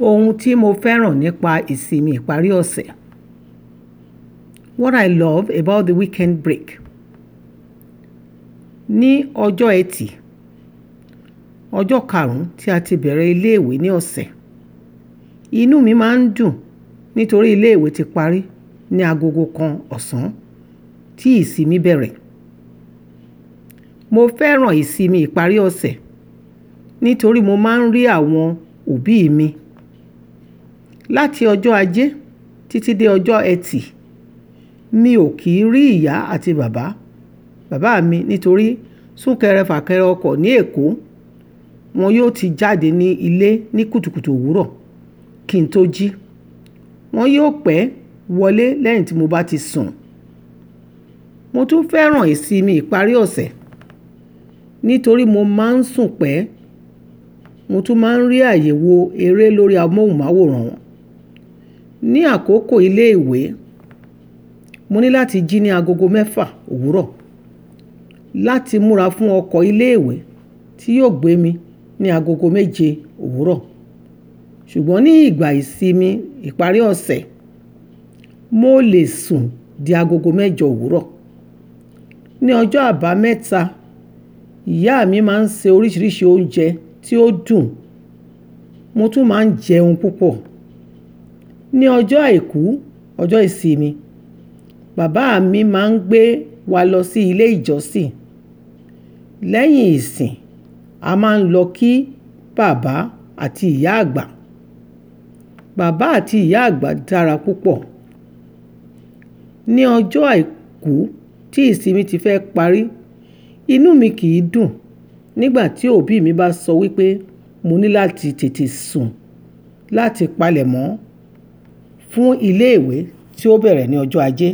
Ohun tí mo fẹ́ràn nípa ìsinmi ìparí ọ̀sẹ̀. What I love about the weekend break. Ni ọjọ́ ẹtì, ọjọ́ karùn-ún tí a ti bẹ̀rẹ̀ ilé ìwé ní ọ̀sẹ̀. Inú mi máa ń dùn nítorí ilé ti parí ní agogo kan ọ̀sán tí ìsinmi bẹ̀rẹ̀. Mo fẹ́ràn ìsinmi ìparí ọ̀sẹ̀ nítorí mo máa ń rí àwọn òbí mi. Láti ọjọ́ Ajé títí dé ọjọ́ Ẹtì, mi ò kì í rí ìyá àti bàbá, bàbá mi nítorí súnkẹrẹ fàkẹrẹ ọkọ̀ ní Èkó. Wọn yóò ti jáde ní ilé ní kùtùkùtù òwúrọ̀ kí n tó jí. Wọn yóò pẹ́ wọlé lẹ́yìn tí mo bá ti sùn. Mo tún fẹ́ràn ìsinmi ìparí ọ̀sẹ̀ nítorí mo máa ń sùn pẹ́. Mo tún máa ń rí àyè wo eré lórí amóhùnmáwòrán. Ní àkókò ilé ìwé, mo ní láti jí ní agogo mẹ́fà òwúrọ̀ láti múra fún ọkọ̀ ilé ìwé tí yóò gbé mi ní agogo méje òwúrọ̀. Ṣùgbọ́n ní ìgbà ìsinmi ìparí ọ̀sẹ̀, mo lè sùn di agogo mẹ́jọ òwúrọ̀. Ní ọjọ́ àbámẹ́ta, ìyá mi máa ń se oríṣiríṣi oúnjẹ tí ó dùn, mo tún máa ń jẹun púpọ̀. Ní ọjọ́ Àìkú, ọjọ́ ìsinmi, bàbá mi máa ń gbé wa lọ sí ilé ìjọsìn. Lẹ́yìn ìsìn, a máa ń lọ kí bàbá àti ìyá àgbà. Bàbá àti ìyá àgbà dára púpọ̀. Ní ọjọ́ Àìkú tí ìsinmi ti fẹ́ parí, inú mi kì í dùn nígbà tí òbí mi bá sọ wípé mo ní láti tètè sùn láti palẹ̀mọ́ fún ilé ìwé tí ó bẹ̀rẹ̀ ní ọjọ́ ajé